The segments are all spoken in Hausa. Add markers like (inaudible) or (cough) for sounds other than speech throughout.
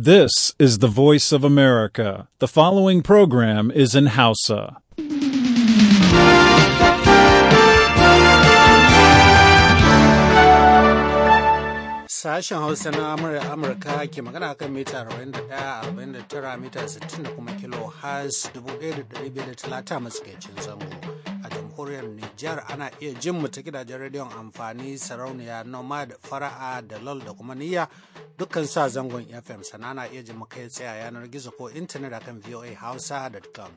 This is the voice of America. The following program is in Hausa. Sashen Hausa na Amurka Amurka ke magana kan mita 41, 49, mita 60 da kuma kilo has 1,530 matsakaicin zango. jamhuriyar Nijar ana iya jin mu ta gidajen rediyon amfani sarauniya Nomad Fara'a da LOL da kuma Niyya dukkan sa zangon FM sana ana iya jin mu kai tsaye yanar gizo ko intanet akan voahausa.com.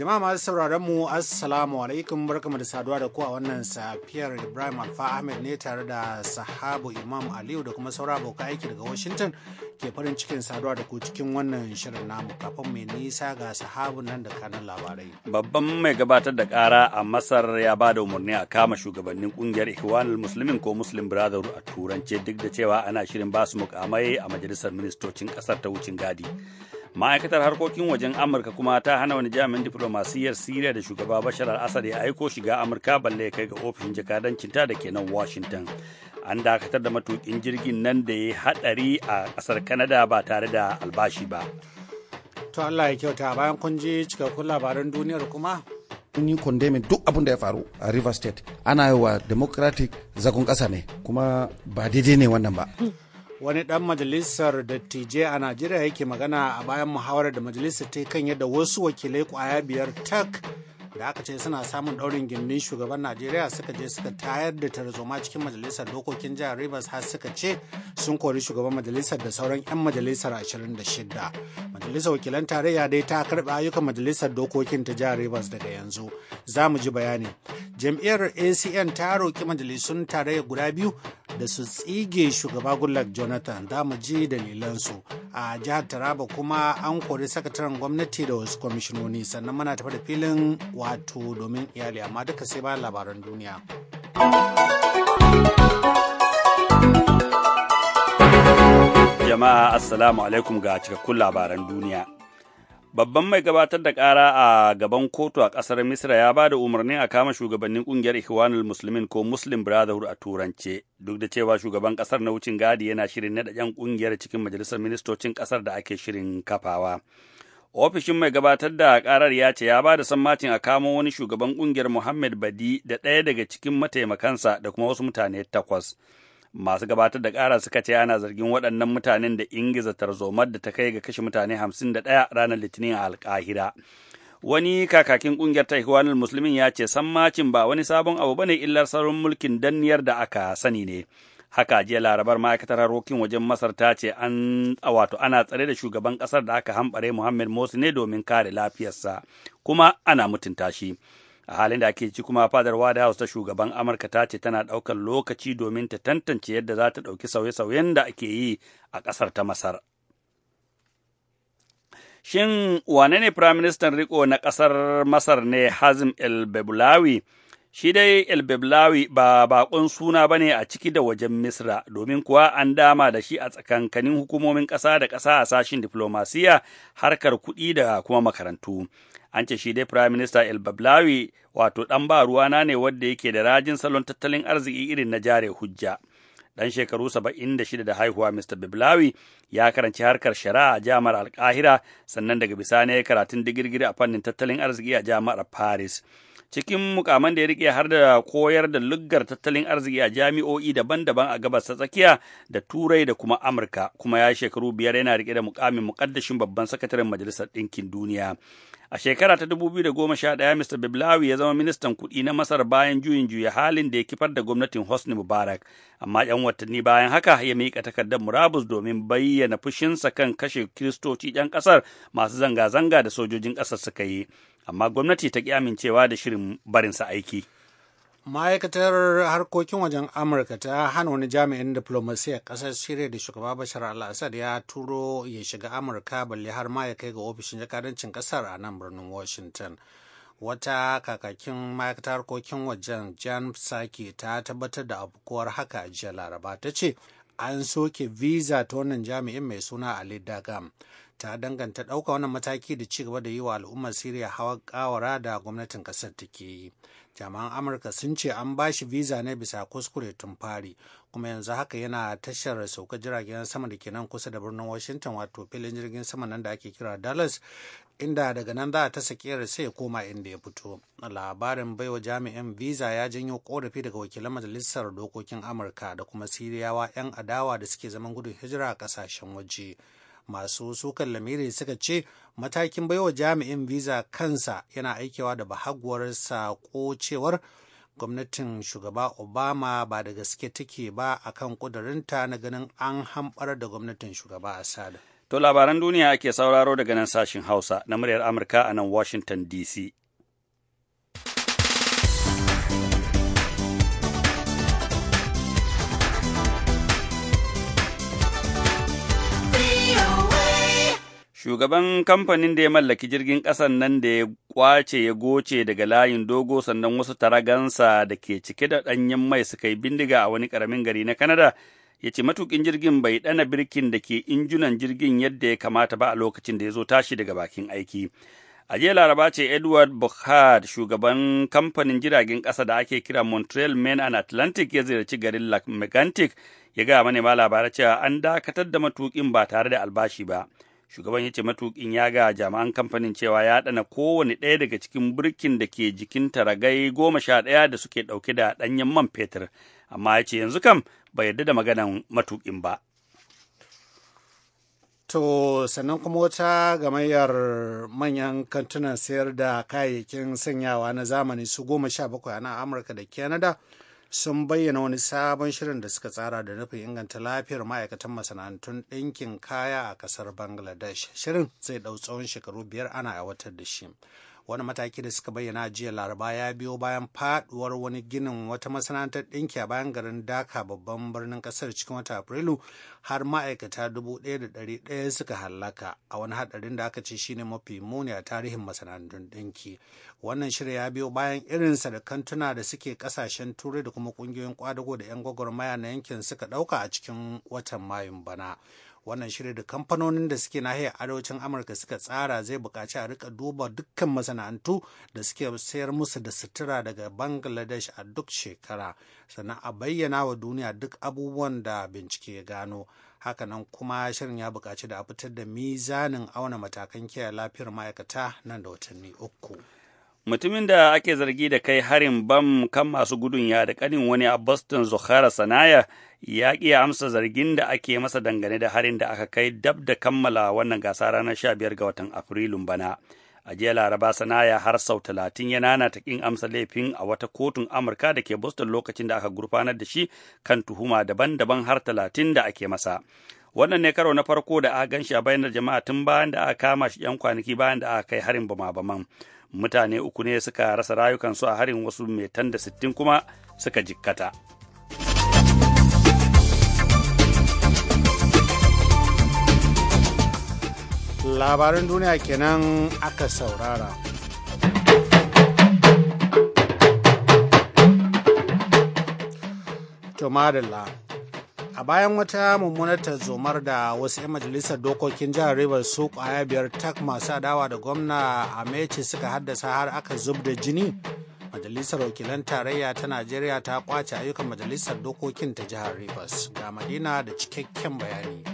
Jama'a masu sauraron mu Assalamu alaikum barkamu da saduwa da ku a wannan safiyar Ibrahim Alfa Ahmed ne tare da sahabu Imam Aliyu da kuma saura abokan aiki daga Washington ke farin cikin saduwa da ku cikin wannan shirin namu kafin mai nisa ga sahabu nan da kanan labarai. Babban mai gabatar da kara a Masar ya ba da umarni a kama shugabannin kungiyar Ikhwanul Muslimin ko Muslim Brotherhood a turance duk da cewa ana shirin basu mukamai a majalisar ministocin kasar ta wucin gadi. ma'aikatar harkokin wajen amurka kuma ta hana wani jami'in diflomasiyyar siriya da shugaba bashar al-assad ya aiko shiga amurka balle ya kai ga ofishin jakadancinta da ke nan washington an dakatar da matukin jirgin nan da ya hadari a kasar kanada ba tare da albashi ba to allah ya kyauta bayan kun ji cikakkun labaran duniyar kuma ni condemning duk abin da ya faru a river state ana yi wa democratic zagon kasa ne kuma ba daidai ne wannan ba (laughs) wani dan majalisar dattijai a najeriya yake magana a bayan muhawarar da majalisar ta kan yadda wasu wakilai kwaya biyar tak da aka ce suna samun daurin gindin shugaban najeriya suka je suka tayar da tarzoma cikin majalisar dokokin jihar rivers har suka ce sun kori shugaban majalisar da sauran 'yan majalisar 26 majalisar wakilan tarayya dai ta karɓi ayyukan majalisar dokokin ta jihar rivers daga yanzu za mu ji bayani jam'iyyar acn ta roki majalisun tarayya guda biyu da su tsige shugaba Goodluck Jonathan da mu ji dalilansu. A jihar Taraba kuma an kori sakataren gwamnati da wasu kwamishinoni sannan muna tafi da filin wato domin iyali amma duka sai ba labaran duniya. Jama'a Assalamu alaikum ga cikakkun labaran duniya. Babban mai gabatar da ƙara a gaban kotu a ƙasar Misra ya ba da umarnin a kama shugabannin ƙungiyar Ikhwanul Musulmin ko Muslim Brotherhood a Turance, duk da cewa shugaban ƙasar na wucin gadi yana shirin naɗa 'yan ƙungiyar cikin majalisar ministocin ƙasar da ake shirin kafawa. Ofishin mai gabatar da ƙarar ya ce ya ba da sammacin a kamo wani shugaban ƙungiyar Muhammad Badi da ɗaya daga cikin mataimakansa da kuma wasu mutane takwas. masu gabatar da ƙara suka ce ana zargin waɗannan mutanen da ingiza tarzomar da ta kai ga kashe mutane 51 ranar litinin a alkahira wani kakakin ƙungiyar taiwanul musulmin ya ce sammacin ba wani sabon abu ba ne illar sauran mulkin danniyar da aka sani ne haka jiya larabar ma'aikatar harkokin wajen masar ta ce an wato ana tsare da shugaban ƙasar da aka hambare muhammad mosu ne domin kare lafiyarsa kuma ana mutunta shi a halin da ake ci kuma fadar wada house ta shugaban amurka ta ce tana ɗaukar lokaci domin ta tantance yadda za ta dauki sauye-sauyen da ake yi a kasar ta masar shin wane ne firaministan riko na kasar masar ne hazim el shi dai el ba bakon suna bane a ciki da wajen misra domin kuwa an dama da shi a tsakankanin hukumomin kasa da kasa a sashin diflomasiya harkar kuɗi da kuma makarantu an ce shi dai Prime Minister El Bablawi wato ɗan ba ruwa na ne wanda yake da rajin salon tattalin arziki irin na jare hujja. Ɗan shekaru saba'in da shida da haihuwa Mr. Bablawi ya karanci harkar shari'a a jami'ar Alkahira sannan daga bisani ya karatun digirgiri a fannin tattalin arziki a jami'ar Paris. cikin mukaman da ya rike har da koyar da luggar tattalin arziki a jami'o'i daban-daban a gabas ta tsakiya da turai da kuma amurka kuma ya shekaru biyar yana rike da mukamin mukaddashin babban sakataren majalisar ɗinkin duniya a shekara ta 2011 Mr. Biblawi ya zama ministan kuɗi na Masar bayan juyin juya halin da ya kifar da gwamnatin Hosni Mubarak amma 'yan watanni bayan haka ya miƙa takardar murabus domin bayyana fushinsa kan kashe kiristoci 'yan ƙasar masu zanga-zanga da sojojin ƙasar suka yi amma gwamnati ta ƙi amincewa da shirin barinsa aiki. ma'aikatar harkokin wajen amurka ta hana wani jami'in diplomasiya ƙasar siriya da shugaba bashar al-assad ya turo ya shiga amurka balle har ma ya kai ga ofishin jakadancin ƙasar a nan birnin washington wata kakakin ma'aikatar harkokin wajen jan saki ta tabbatar da abubuwar haka a jiya laraba ta ce an soke visa ta wannan jami'in mai suna ali dagam ta danganta ɗauka wannan mataki da ci gaba da yi wa al'ummar Siriya hawan kawara da gwamnatin ƙasar take yi. Jami'an Amurka sun ce an ba shi visa ne bisa kuskure tun fari, kuma yanzu haka yana tashar sauka jiragen sama da ke nan kusa da birnin Washington wato filin jirgin sama nan da ake kira Dallas, inda daga nan za a ta saki sai ya koma inda ya fito. Labarin baiwa jami'in visa ya janyo korafi daga wakilan majalisar dokokin Amurka da kuma Siriyawa 'yan adawa da suke zaman gudun hijira a kasashen waje. masu sukan lamiri suka ce matakin baiwa jami'in visa kansa yana aikewa da bahaguwar sako cewar gwamnatin shugaba obama ba da gaske take ba akan kudurinta na ganin an hambar da gwamnatin shugaba asada. to labaran duniya ake sauraro daga nan sashin hausa na muryar amurka a nan washington dc Shugaban kamfanin da ya mallaki jirgin ƙasan nan da ya kwace ya goce daga layin dogo sannan wasu taragansa da ke cike da ɗanyen mai suka yi bindiga a wani ƙaramin gari na Kanada ya ce matuƙin jirgin bai ɗana birkin da ke injunan jirgin yadda ya kamata ba a lokacin da ya zo tashi daga bakin aiki. A jiya laraba ce Edward Bukhard, shugaban kamfanin jiragen ƙasa da ake kira Montreal Main and Atlantic ya ziyarci garin Lac Megantic ya gaya manema labarai cewa an dakatar da matuƙin ba tare da albashi ba. shugaban ya ce matukin ya ga jami'an kamfanin cewa ya ɗana kowane ɗaya daga cikin birkin da ke jikin taragai goma sha ɗaya da suke ɗauke da ɗanyen man fetur amma ya ce yanzu kam bai yarda da maganan matukin ba To sannan kuma wata gamayyar manyan kantunan sayar da kayayyakin sanyawa na zamani su goma sha bakwai a Amurka da kanada. sun bayyana wani sabon shirin da suka tsara da nufin inganta lafiyar ma'aikatan masana'antun ɗinkin kaya a ƙasar bangladesh shirin zai ɗau tsawon shekaru biyar ana aiwatar da shi wani mataki da suka bayyana jiya laraba ya biyo bayan faduwar wani ginin wata masana'antar ɗinki a bayan garin daka babban birnin ƙasar cikin wata afrilu har ma'aikata dubu ɗaya da ɗari ɗaya suka hallaka a wani haɗarin da aka ce shine mafi muni a tarihin masana'antun ɗinki wannan shirya ya biyo bayan sa da kantuna da suke ƙasashen turai da kuma ƙungiyoyin kwadago da 'yan gwagwarmaya na yankin suka ɗauka a cikin watan mayun bana. wannan shirin da kamfanonin da suke nahiyar arewacin amurka suka tsara zai buƙaci a rika duba dukkan masana'antu da suke sayar musu da sutura daga bangladesh a duk shekara sannan a bayyana wa duniya duk abubuwan da bincike ya gano hakanan kuma shirin ya buƙaci da a fitar da mizanin auna matakan kiyaye lafiyar ma'aikata nan da watanni uku. mutumin da ake zargi da kai harin bam kan masu gudun ya da kanin wani a Boston Zuhara Sanaya ya ki amsa zargin da ake masa dangane da harin da aka kai dab da kammala wannan gasa ranar 15 ga watan Afrilun bana. A jiya Laraba Sanaya har sau talatin ya nana ta kin amsa laifin a wata kotun Amurka da ke Boston lokacin da aka gurfanar da shi kan tuhuma daban-daban har talatin da ake masa. wannan ne karo na farko da aka shi a bayanar jama'a tun bayan da aka kama shi yan kwanaki bayan da aka kai harin bama-baman mutane uku ne suka rasa rayukansu a harin wasu mai da sittin kuma suka jikkata labaran duniya kenan aka saurara to a bayan wata mummunar tarzomar da wasu 'yan majalisar dokokin jihar rivers su kwaya biyar tak masu adawa da gwamna amechi suka haddasa har aka zub da jini majalisar wakilan tarayya ta najeriya ta kwace ayyukan majalisar dokokin ta jihar rivers ga madina da cikakken bayani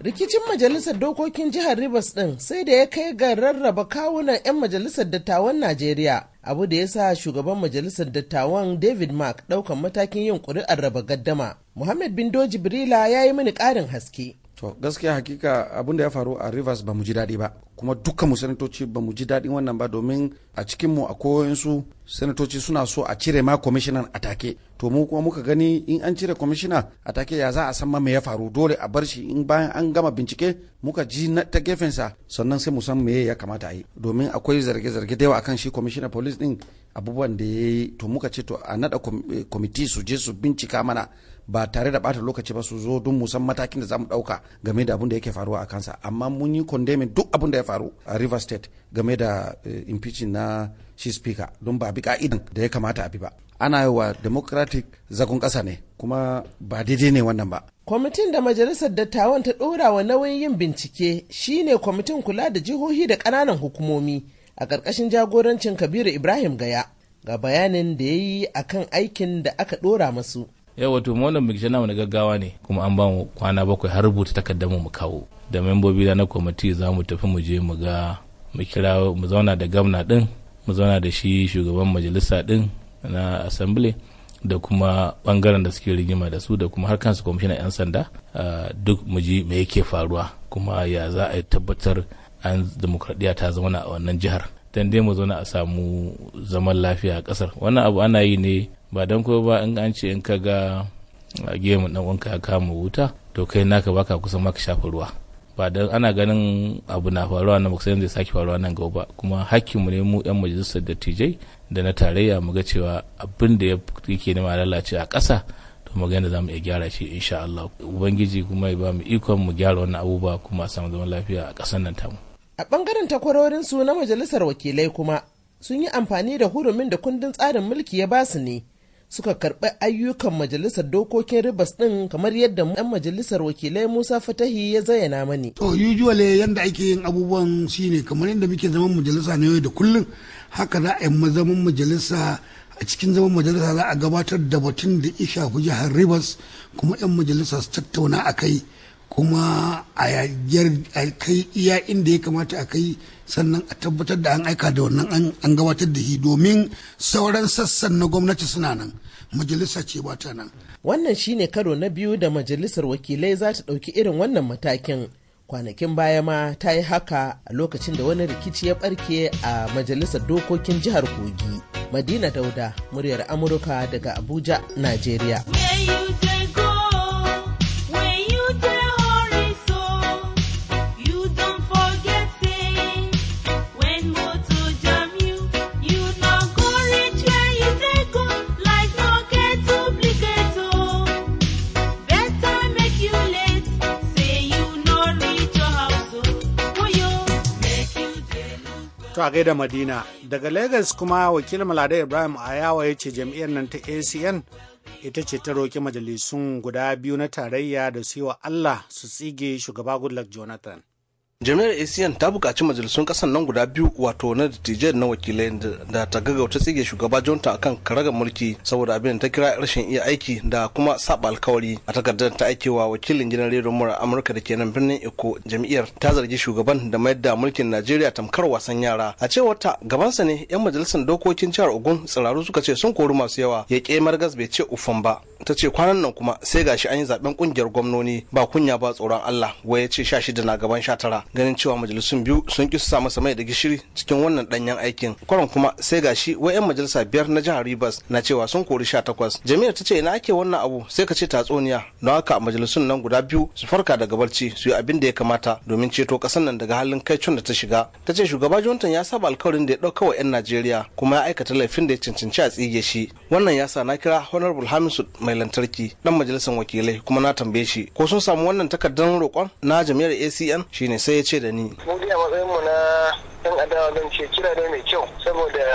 rikicin majalisar dokokin jihar rivers din sai da ya kai ga rarraba kawunan 'yan majalisar dattawan najeriya abu da ya sa shugaban majalisar dattawan david mark ɗaukan matakin yin ƙuri'ar raba gaddama Muhammad Bindo Jibrila ya yi mini ƙarin haske. To gaskiya hakika abin da ya faru a Rivers ba mu ji daɗi ba kuma dukkan mu sanatoci ba mu ji daɗin wannan ba domin a cikin mu a koyansu sanatoci suna so a cire ma kwamishinan a take to mu kuma muka gani in an cire kwamishina a take ya za a san ma me ya faru dole a bar shi in bayan an gama bincike muka ji na ta gefensa sannan sai mu san me ya kamata a yi domin akwai zarge-zarge da yawa akan shi kwamishina polis din abubuwan da ya yi to muka ce to a naɗa kwamiti eh, su je su bincika mana ba tare da bata lokaci ba su zo don mu san matakin da zamu dauka game da abin da yake faruwa a kansa amma mun yi condemning duk abin da ya faru a River State game da eh, impeaching na shi speaker don ba bi ka'idan da ya kamata a bi ba ana yi wa democratic zagon kasa ne kuma ba daidai ne wannan ba kwamitin da majalisar dattawan ta ɗora wa nauyin yin bincike shine kwamitin kula da jihohi da kananan hukumomi a ƙarƙashin jagorancin kabiru ibrahim gaya ga bayanin da ya yi akan aikin da aka ɗora masu yawa to mu wannan bincike namu na gaggawa ne kuma an ba mu kwana bakwai har rubuta takardar mu kawo da membobi na kwamiti za mu tafi mu je mu ga mu kira mu zauna da gwamna din mu zauna da shi shugaban majalisa din na assembly da kuma bangaren da suke rigima da su da kuma har kansu kwamishinan 'yan sanda duk mu ji me yake faruwa kuma ya za a tabbatar an demokradiyya ta zauna a wannan jihar dan dai mu zauna a samu zaman lafiya a kasar wannan abu ana yi ne ba don ko ba in an ce in ka ga gemun dan uwanka ya kama wuta to kai naka baka kusa maka shafa ruwa ba don ana ganin abu na faruwa na maksayin zai sake faruwa nan gaba kuma mu ne mu yan majalisar dattijai da na tarayya mu ga cewa abin da ya yake nema lalace a ƙasa to mu ga yadda za mu iya gyara shi insha Allah ubangiji kuma ya ba mu ikon mu gyara wannan abubuwa kuma a samu zaman lafiya a ƙasar nan tamu a ɓangaren takwarorin su na majalisar wakilai kuma sun yi amfani da hurumin da kundin tsarin mulki ya basu ne suka karɓi ayyukan majalisar dokokin ribas ɗin kamar yadda ɗan majalisar wakilai Musa Fatahi ya zayyana mani. To usually eh, yadda ake yin abubuwan shine kamar yadda muke zaman majalisa na yau da kullum haka za a yi zaman majalisa a cikin zaman majalisa za a gabatar da batun da ya shafi jihar ribas kuma 'yan majalisa su tattauna a kai kuma a kai iya inda ya kamata a kai sannan a tabbatar da an aika da wannan an gabatar da shi domin sauran sassan na gwamnati suna nan majalisa ce ba ta nan. Wannan shi ne karo na biyu da majalisar wakilai za ta ɗauki irin wannan matakin. Kwanakin baya ma ta yi haka a lokacin da wani rikici ya ɓarke a majalisar dokokin jihar Kogi. Madina Dauda, muryar Amurka daga Abuja, Najeriya. Yeah, To a gaida Madina, daga Legas kuma wakilin Malada Ibrahim Ayawa ya ce jam'iyyar nan ta ACN ita ce ta roƙi majalisun guda biyu na tarayya da su yi wa Allah su tsige shugaba Goodluck Jonathan. jami'ar acn ta bukaci majalisun kasan nan guda biyu wato na dattijai na wakilai da ta gaggauta tsige shugaba jonta akan karagar mulki saboda abin ta kira rashin iya aiki da kuma saba alkawari a takardar ta aikewa wakilin gidan rediyon mura amurka da ke nan birnin eko jami'ar ta zargi shugaban da mayar da mulkin najeriya tamkar wasan yara a cewar ta gabansa ne yan majalisar dokokin jihar ogun tsiraru suka ce sun kori masu yawa ya ke margas bai ce ufan ba ta ce kwanan nan kuma sai gashi an yi zaben kungiyar gwamnoni ba kunya ba tsoron Allah wai ya ce sha shida na gaban sha tara ganin cewa majalisun biyu sun ƙi sa samu mai da gishiri cikin wannan ɗanyen aikin kwaron kuma sai gashi wai 'yan majalisa biyar na jihar Rivers na cewa sun kori sha takwas jami'ar ta ce ina ake wannan abu sai ka ce tatsuniya don haka majalisun nan guda biyu su farka daga barci su yi abin da ya kamata domin ceto ƙasar nan daga halin kai da ta shiga ta ce shugaba Jonathan ya saba alkawarin da ya ɗauka wa 'yan Najeriya kuma ya aikata laifin da ya cancanci a tsige shi wannan ya sa na kira honorable Hamisu mai lantarki dan majalisar wakilai kuma na tambaye shi ko sun samu wannan takardar roƙon na jami'ar ACN shine sai ce da ni mu a matsayin mu na yan adawa zan ce kira ne mai kyau saboda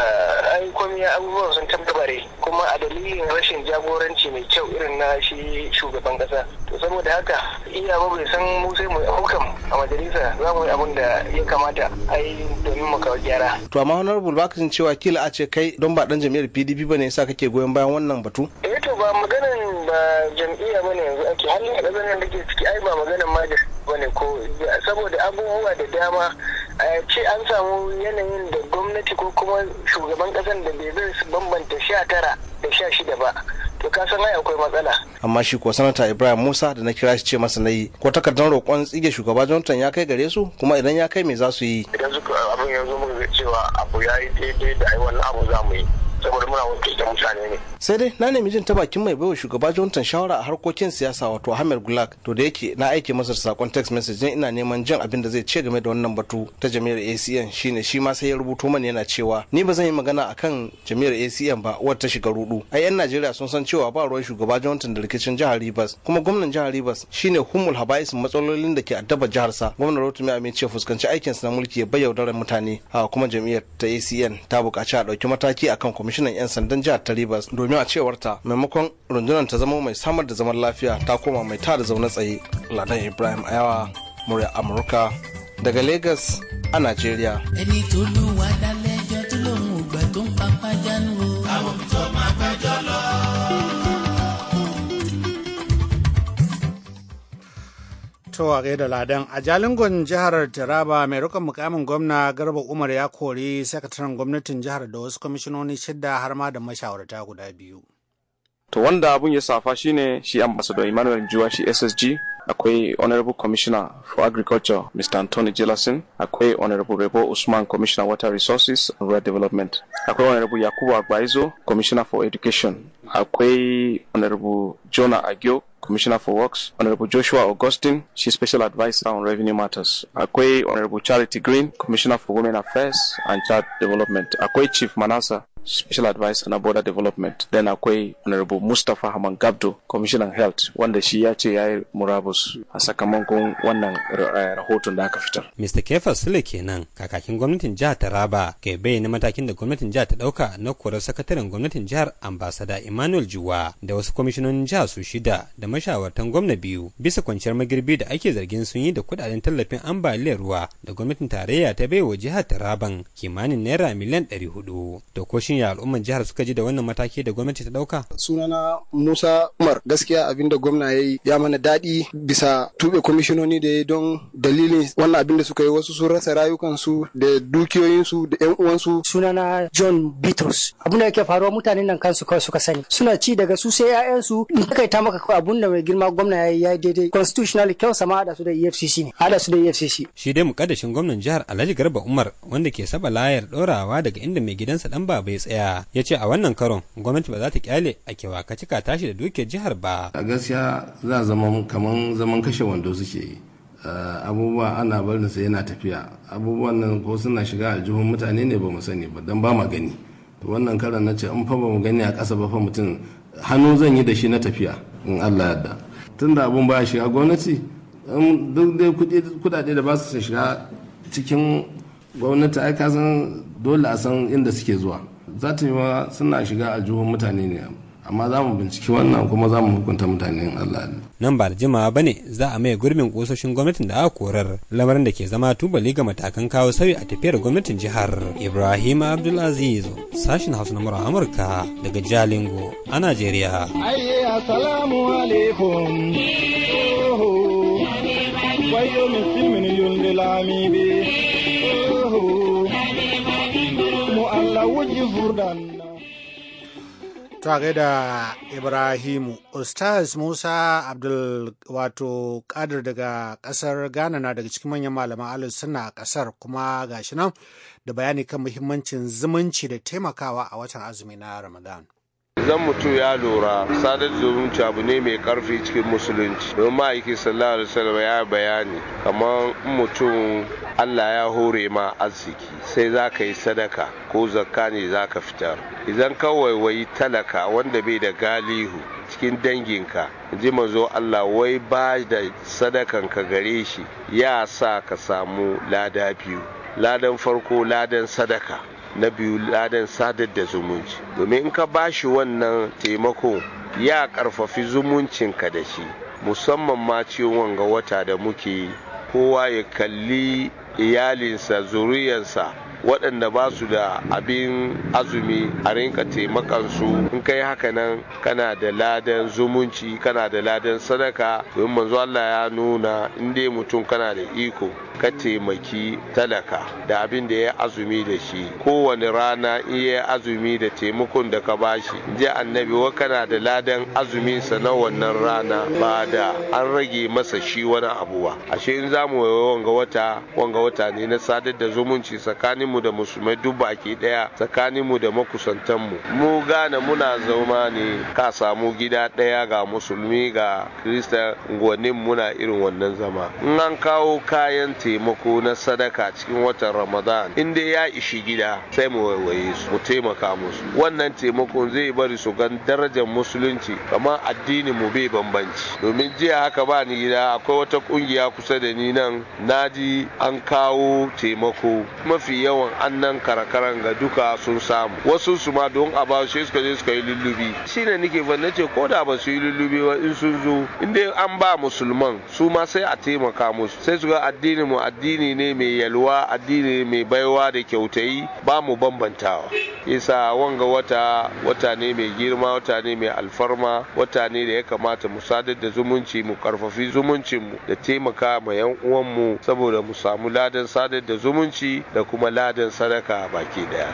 ai komai abubuwan sun tabbare kuma a dalilin rashin jagoranci mai kyau irin na shi shugaban kasa to saboda haka iya ba bai san mu sai mu a majalisa za mu yi abun da ya kamata ai domin mu kawo gyara to amma honorable baka cewa kila a ce kai don ba dan jam'iyyar PDP bane yasa kake goyon bayan wannan batu eh to ba maganan ba jam'iyya bane yanzu ake hali da da ke ciki ai ba maganan ma bane ko saboda abubuwa da dama a ce an samu yanayin da gwamnati ko kuma shugaban kasan da bai zai bambanta sha tara da sha shida ba to ka san ai akwai matsala amma shi ko sanata ibrahim musa da na kira shi ce masa na ko takardar roƙon tsige shugaba jonathan ya kai gare su kuma idan ya kai me za su yi idan suka abin yanzu muka ga cewa abu ya yi daidai da ai wannan abu za mu yi saboda muna wakiltar mutane ne. sai dai na nemi jin ta bakin mai baiwa shugaba jonathan shawara a harkokin siyasa wato ahmed gulak to da yake na aiki masa sakon text message ina neman jin abin da zai ce game da wannan batu ta jami'ar acn shine shi ma sai ya rubuto mana yana cewa ni ba zan yi magana akan jami'ar acn ba wata shiga rudu ai yan najeriya sun san cewa ba ruwan shugaba jonathan da rikicin jihar rivers kuma gwamnan jihar rivers shine humul habais matsalolin da ke addaba jihar sa. gwamnan rotumi amin ce fuskanci aikinsa na mulki ya bayyana mutane a kuma jami'ar ta acn ta buƙaci a ɗauki mataki akan kwamitin kwamishinan 'yan sandan jihar ta rivers domin a cewar ta maimakon rundunar ta zama mai samar da zaman lafiya ta koma mai tada zaune tsaye ladan ibrahim ayawa murya amurka daga lagos a nigeria. ẹni tó lù wá tó lòun To da Ladan a Jalingon jihar Taraba mai rukun mukamin gwamna Garba Umar ya kori sakataren gwamnatin jihar da wasu kwamishinoni shidda har ma da mashawarta guda biyu. To wanda abun ya safa shine shi ambassador Emmanuel Juwa shi SSG akwai honorable commissioner for agriculture Mr. Anthony Jelasin akwai honorable Rebo Usman commissioner water resources and rural development akwai honorable Yakubu Agbaizo commissioner for education akwai honorable jonah agio Commissioner for Works, Honorable Joshua Augustine, she's Special Advisor on Revenue Matters. Akwai Honorable Charity Green, Commissioner for Women Affairs and Child Development. Akwai Chief Manasa, Special Advisor na Border Development. Then akwai Honorable Mustapha Haman Gabdo, Commissioner Health, wanda shi ya ce ya yi murabus a sakamakon wannan eh, rahoton da aka fitar. Mr. Kefa Sule kenan, kakakin gwamnatin jihar Taraba, kai bayyana matakin da gwamnatin jihar ta dauka na korar sakataren gwamnatin jihar Ambasada Imam Emmanuel Juwa da wasu kwamishinan jihar su shida da mashawartan gwamna biyu bisa kwanciyar magirbi da ake zargin sun yi da kudaden tallafin ambaliyar ruwa da gwamnatin tarayya ta baiwa jihar Taraban kimanin naira miliyan ɗari hudu. To ko shin ya al'umman jihar suka ji da wannan mataki da gwamnati ta ɗauka? Sunana Musa Umar gaskiya abin da gwamna ya yi ya mana daɗi bisa tuɓe kwamishinoni da ya don dalilin wannan abin da suka yi wasu sun rasa rayukansu da dukiyoyinsu da 'yan uwansu. Sunana John Bitrus abin da yake faruwa mutanen nan kansu kawai suka sani suna ci daga su sai 'ya'yansu in kai ta maka abun da mai girma gwamna ya yi ya daidai constitutional kyau sama hada su da efcc ne hada su da efcc shi dai mukaddashin gwamnan jihar alhaji garba umar wanda ke saba layar dorawa daga inda mai gidansa dan ba bai tsaya ya ce a wannan karon gwamnati ba za ta kyale a kewa ka cika tashi da dukiyar jihar ba a gaskiya za zama kaman zaman kashe wando suke yi eh, abubuwa ana barinsa yana tafiya abubuwan nan ko suna shiga aljihun mutane ne ba mu sani ba don ba ma gani wannan karan na ce in fa ba mu gani a ƙasa ba fa mutum hannu zan yi da shi na tafiya in Allah yadda tunda abun ba shiga gwamnati duk dai kudade da ba su shiga cikin gwamnati ai ka san dole a san inda suke zuwa za ta yi suna shiga aljihun mutane ne amma za mu binciki wannan kuma za mu hukunta mutanen Allah nan ba da jimawa ba ne za a maye gurbin kososhin gwamnatin da aka korar lamarin da ke zama tubali ga matakan kawo sauyi a tafiyar gwamnatin jihar Ibrahim Abdulaziz sashin Hausa na Amurka daga Jalingo a Najeriya ayya assalamu alaikum wayo bi mu Allah ta da ibrahimu ustaz musa abdul wato kadir daga kasar ghana na daga cikin manyan malaman alis suna ƙasar kasar kuma gashi nan da bayani kan muhimmancin zumunci da taimakawa a watan azumi na ramadan idan mutum ya lura sadar da zumunci abu ne mai karfi cikin musulunci don ma'aiki sallallahu alaihi wasallam ya bayani kamar mutum Allah ya hore ma arziki sai za ka yi sadaka ko zakka ne za ka fitar idan ka waiwayi talaka wanda bai da galihu cikin danginka ji manzo Allah wai ba da sadakan ka gare shi ya sa ka samu lada biyu ladan farko ladan sadaka na biyu ladan sadar da zumunci domin in ka ba shi wannan taimako ya karfafi zumuncinka da shi musamman ma ciwon ga wata da muke kowa ya kalli iyalinsa zuriyarsa waɗanda ba su da abin azumi a rinka su in kai haka nan kana da ladan zumunci kana da ladan sadaka domin manzo Allah ya nuna in dai mutum kana da iko ka taimaki talaka da abin da ya azumi da shi kowane rana in ya azumi da taimakon da ka bashi ji annabi wa kana da ladan azuminsa na wannan rana ba da an rage masa shi wani abu ba ashe in zamu wanga wata wanga wata ne na sadar da zumunci tsakanin tsakaninmu da musulmai duk baki daya tsakaninmu da makusantan mu mu gane muna zama ne ka samu gida daya ga musulmi ga kristan gwanin muna irin wannan zama in an kawo kayan taimako na sadaka cikin watan ramadan in dai ya ishi gida sai mu waiwaye su mu taimaka musu wannan taimakon zai bari su gan darajar musulunci kamar addini mu bai bambanci domin jiya haka ba ni gida akwai wata kungiya kusa da ni nan naji an kawo taimako mafi yawan yawan annan karakaran ga duka sun samu wasu su ma don a ba shi suka je suka yi lullubi ne nake ban nace ko da ba su yi lullubi ba in sun zo in dai an ba musulman su ma sai a taimaka musu sai su ga addini mu addini ne mai yalwa addini mai baiwa da kyautayi ba mu bambantawa isa wanga wata wata ne mai girma wata ne mai alfarma wata ne da ya kamata mu sadar da zumunci mu karfafi zumuncin mu da taimaka ma yan uwanmu saboda mu samu ladan sadar da zumunci da kuma ladan ladin sadaka baki daya.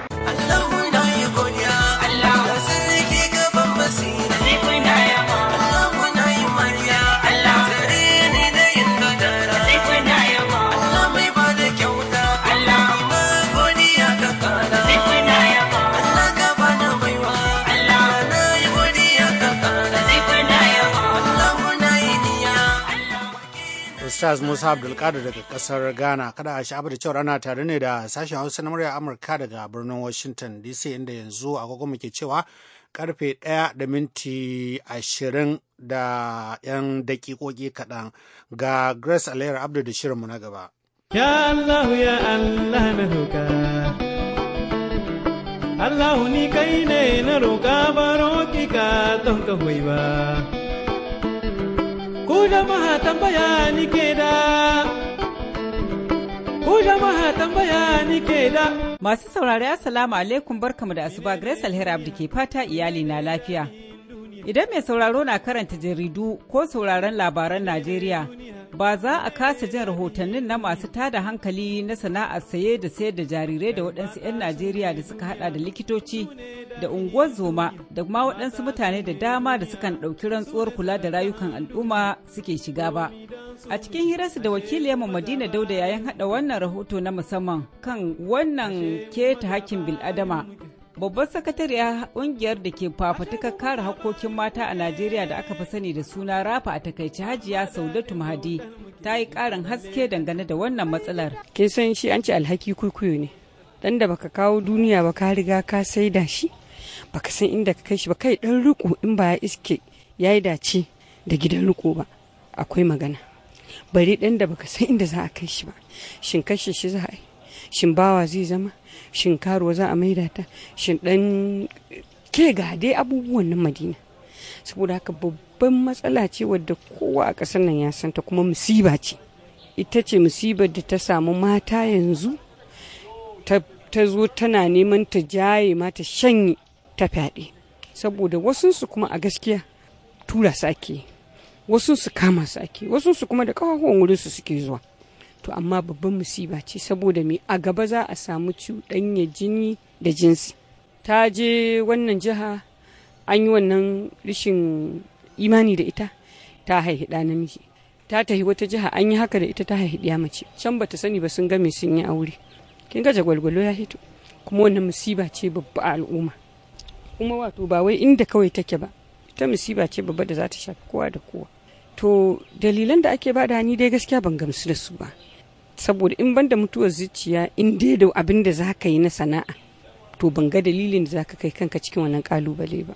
Stars Musa Abdulkadir daga kasar Ghana kada a sha'abar da cewar ana tare ne da sashen Hausa na murya Amurka daga birnin Washington DC inda yanzu agogo muke cewa karfe 1 da minti 20 da 'yan dakikoki kaɗan ga Grace Alayar Abdu da shirinmu na gaba. Ya Allah ya Allah na roƙa Allah ni kai ne na roƙa ba roƙi ka don ka ba. ku jama'a tambaya ni ke da ku jama'a tambaya ni ke da masu saurari assalamu alaikum barkamu da asuba grace alhera abdi ke fata iyali na lafiya idan mai sauraro na karanta jaridu ko sauraron labaran najeriya ba za a kasa jin rahotannin na masu tada hankali na sana'ar saye da sayar da jarirai da waɗansu 'yan najeriya da suka hada da likitoci da unguwar zoma da ma waɗansu mutane da dama da sukan ɗauki rantsuwar kula da rayukan al'umma suke shiga ba a cikin hirarsu da wakiliyarmu madina dauda yayin haɗa wannan rahoto na musamman kan wannan keta hakkin bil'adama Babbar sakatariya kungiyar da ke fafutukar kare hakkokin mata a Najeriya da aka fi sani da suna rafa a takaice hajiya Saudatu Mahadi ta yi ƙarin haske dangane da wannan matsalar. Ke san shi an ce alhaki kuikuyo ne. Dan da baka kawo duniya ba ka riga ka saida shi baka san inda ka kai shi ba kai dan riko in ba ya iske ya yi dace da gidan riko ba akwai magana. Bari dan da baka san inda za a kai shi ba shin kashe shi za a yi shin bawa zai zama shin karuwa za a maida ta shin dan ke ga dai abubuwan na madina saboda haka babban matsala ce wadda kowa a ƙasar nan ya santa kuma musiba ce ita ce musibar da ta samu mata yanzu ta zo tana neman ta jaye mata shanye ta fyaɗe saboda wasunsu kuma a gaskiya tura su ake wasunsu kama su ake wasunsu kuma da ƙafafuwan wurinsu suke zuwa to amma babban musiba ce saboda me a gaba za a samu cuɗanya jini da jinsi ta je wannan jiha an yi wannan rishin imani da ita ta haihi ɗa namiji ta tahi wata jiha an yi haka da ita ta haihi ɗiya mace can bata sani ba sun game sun yi aure kin ga jagwalgwalo ya hito kuma wannan musiba ce babba a al'umma kuma wato ba wai inda kawai take ba ita musiba ce babba da za ta shafi kowa da kowa to dalilan da ake bada ni dai gaskiya ban gamsu da su ba saboda in banda mutuwar zuciya in dai da abin da za ka yi na sana'a to ban ga dalilin da za ka kai kanka cikin wannan kalubale ba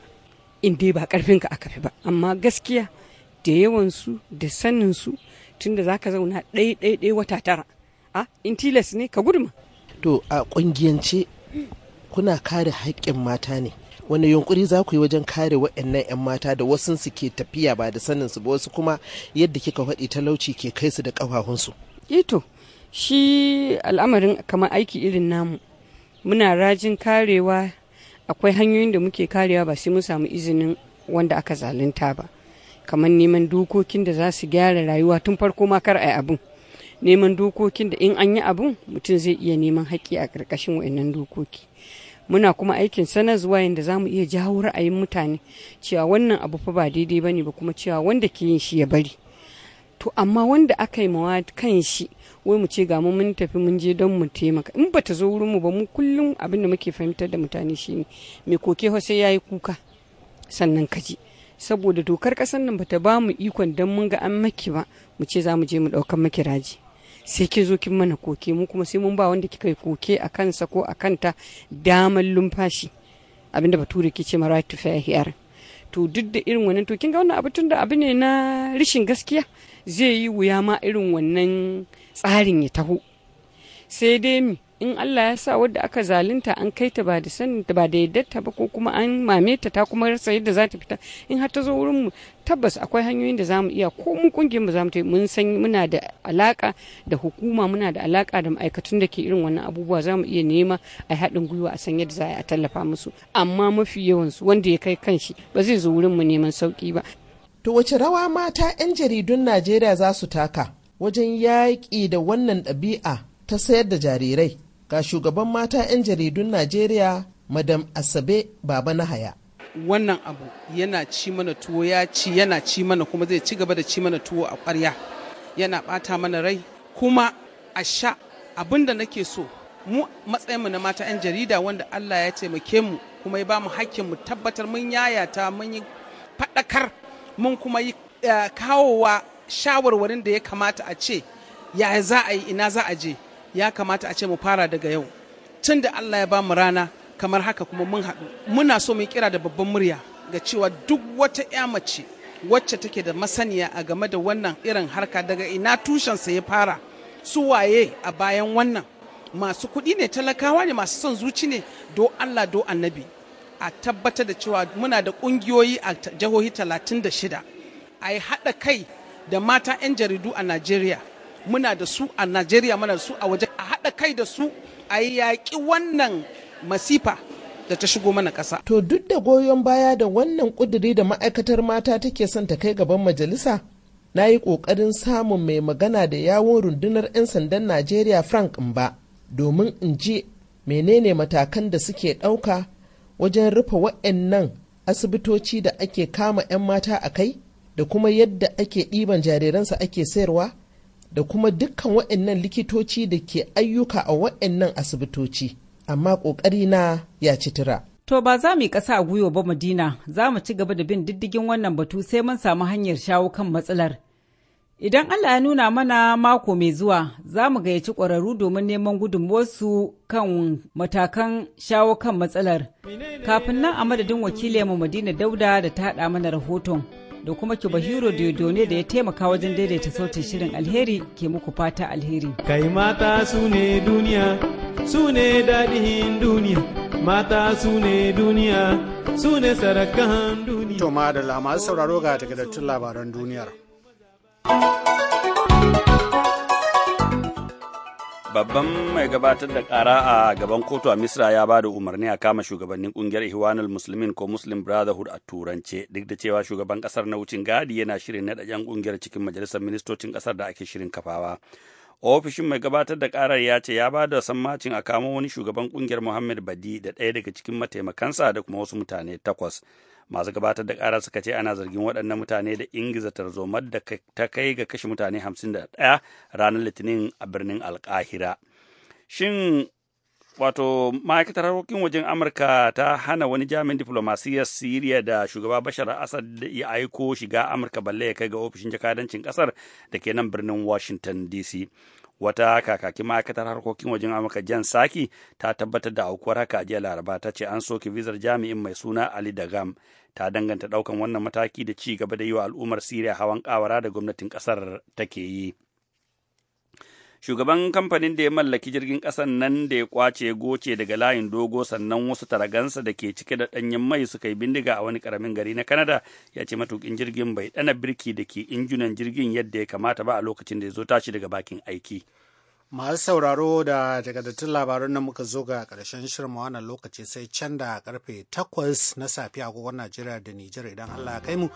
in dai ba karfinka aka fi ba amma gaskiya da yawansu da saninsu da za ka zauna ɗaya ɗaya ɗaya wata tara a in tilas ne ka gudu to a ƙungiyance kuna kare haƙƙin mata ne wani yunkuri za ku yi wajen kare waɗannan 'yan mata da wasu su ke tafiya ba da sanin su ba wasu kuma yadda kika faɗi talauci ke kai su da ƙafafunsu. Ito eh shi al'amarin kamar aiki irin namu muna rajin karewa akwai hanyoyin da muke karewa ba sai mu samu izinin wanda aka zalunta ba kamar neman dokokin da za su gyara rayuwa tun farko ma kar ai abin neman dokokin da in an yi abun mutum zai iya neman haƙƙi a ƙarƙashin wa'annan dokoki muna kuma aikin sanarwa yadda za mu iya jawo ra'ayin mutane cewa wannan abu fa ba daidai ba ne ba kuma cewa wanda ke yin shi ya bari to amma wanda aka yi mawa kan shi wai mu ce ga mu mun tafi mun je don mu taimaka in bata zo wurin mu ba mu kullum abin da muke fahimtar da mutane shine mai koke ho sai yayi kuka sannan ka kaji saboda dokar kasar nan bata ba mu ikon dan mun ga an maki ba mu ce za mu je mu daukan maki raji sai ke zo kin mana koke mu kuma sai mun ba wanda kika koke a kansa ko a kanta damar lumfashi abinda bature ke ce ma right to fair hearing to duk da irin wannan to kin ga wannan abu tunda abu ne na rishin gaskiya zai yi wuya ma irin wannan tsarin ya taho sai dai mi in Allah ya sa wadda aka zalunta an kai ta ba da sanin ba da yaddarta ba ko kuma an mame ta ta kuma rasa yadda za ta fita in har ta zo wurin mu tabbas akwai hanyoyin da zamu iya ko mu kungiyar mu zamu mun san muna da alaka da hukuma muna da alaka da ma'aikatun da ke irin wannan abubuwa zamu iya nema a haɗin gwiwa a san yadda za a tallafa musu amma mafi yawan su wanda ya kai kanshi ba zai zo wurin mu neman sauki ba to wace rawa mata 'yan jaridun Najeriya za su taka wajen yaƙi da wannan ɗabi'a ta sayar da jarirai ga shugaban mata 'yan jaridun najeriya madam asabe baba nahaya. wannan abu yana ci mana tuwo ya ci yana ci mana kuma zai ci gaba da ci mana tuwo a ƙwarya yana ɓata mana rai kuma a sha abin da nake so mu matsayinmu na mata 'yan jarida wanda allah ya taimake mu kuma ya ba mu hakkin mu tabbatar mun yayata mun yi faɗakar mun kuma yi eh, kawowa shawarwarin da ya kamata a ce ya za a yi ina za a je ya kamata a ce mu fara daga yau tun da Allah ya ba mu rana kamar haka kuma mun haɗu muna so mu kira da babban murya ga cewa duk wata 'ya mace wacce take da masaniya a game da wannan irin harka daga ina tushensa ya fara su waye a bayan wannan masu kuɗi ne talakawa ne masu son zuci ne do Allah do annabi a tabbatar da cewa muna da ƙungiyoyi a jihohi talatin 36 a yi haɗa kai da mata 'yan jaridu a Najeriya. Muna da su a Najeriya muna da su a waje a haɗa kai da su a yaƙi wannan masifa da ta shigo mana ƙasa. To duk da goyon baya da wannan ƙuduri da ma'aikatar mata take son ta kai gaban majalisa, na yi ƙoƙarin samun mai magana da yawon rundunar 'yan sandan Najeriya Frank Mba domin in ji menene matakan da suke ɗauka wajen rufe waɗannan asibitoci da ake kama 'yan mata a kai? da kuma yadda ake ɗiban jariransa ake sayarwa da kuma dukkan waɗannan likitoci da ke ayyuka a waɗannan asibitoci amma ƙoƙari na ya ci tura. To ba za mu yi ƙasa a gwiwa ba Madina za mu ci gaba da bin diddigin wannan batu sai mun samu hanyar shawo kan matsalar. Idan Allah ya nuna mana mako mai zuwa za mu gayyaci ƙwararru domin neman gudunmuwarsu kan matakan shawo kan matsalar. Kafin nan a madadin mu Madina Dauda da ta haɗa mana rahoton. da kuma Kibahiro ne da ya taimaka wajen daidaita sautin shirin alheri ke muku fata alheri. Kai mata su ne duniya, su ne daɗin duniya, mata su ne duniya, su ne sarakan duniya. Toma da masu sauraro ga takardattun labaran duniyar. babban mai gabatar da kara a gaban kotu a misra ya ba da umarni a kama shugabannin kungiyar ihwanul musulmin ko muslim brotherhood a turance duk da cewa shugaban kasar na wucin gadi yana shirin naɗa yan kungiyar cikin majalisar ministocin kasar da ake shirin kafawa ofishin mai gabatar da karar ya ce ya ba da sammacin a kamo wani shugaban kungiyar muhammad badi da ɗaya daga cikin mataimakansa da kuma wasu mutane takwas masu gabatar da ƙara suka ce ana zargin waɗannan mutane da ingiza tarzomar da ta kai ga kashe mutane 51 ranar litinin a birnin alkahira shin wato ma'aikatar harkokin wajen amurka ta hana wani jami'in diflomasiyyar siriya da shugaba bashar asad ya aiko shiga amurka balle ya kai ga ofishin jakadancin ƙasar da ke nan birnin washington dc wata kakakin ma'aikatar harkokin wajen amurka jan saki ta tabbatar da aukuwar haka a jiya laraba ta ce an soke vizar jami'in mai suna ali dagam ta danganta daukan wannan mataki da ci gaba da yi wa al'ummar siriya hawan kawara da gwamnatin kasar take yi shugaban kamfanin da ya mallaki jirgin ƙasan nan da ya kwace goce daga layin dogo sannan wasu taragansa da ke cike da ɗanyen mai suka yi bindiga a wani ƙaramin gari na kanada ya ce matukin jirgin bai ɗana birki da ke injunan jirgin yadda ya kamata ba a lokacin da ya zo tashi daga bakin aiki masu sauraro da takaddatun labarun nan muka zo ga karshen shirin wannan lokaci sai can da karfe 8 na safiya a agogon najeriya da nijar idan allah ya kai mu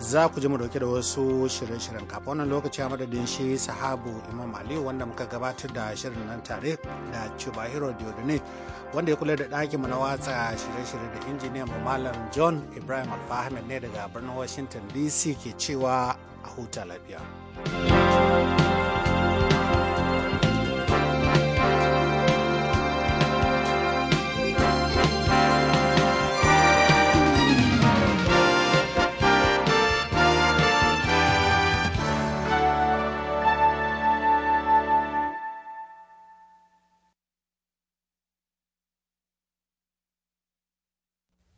za ku ji mu dauke da wasu shirye-shiryen kafin wannan lokaci a madadin shi sahabu imam aliyu wanda muka gabatar da shirin nan tare da chubahiro diodone wanda ya kula da mu na watsa shirye-shirye da injiniyan malam john ibrahim alfahamed ne daga birnin washington dc ke cewa a huta lafiya.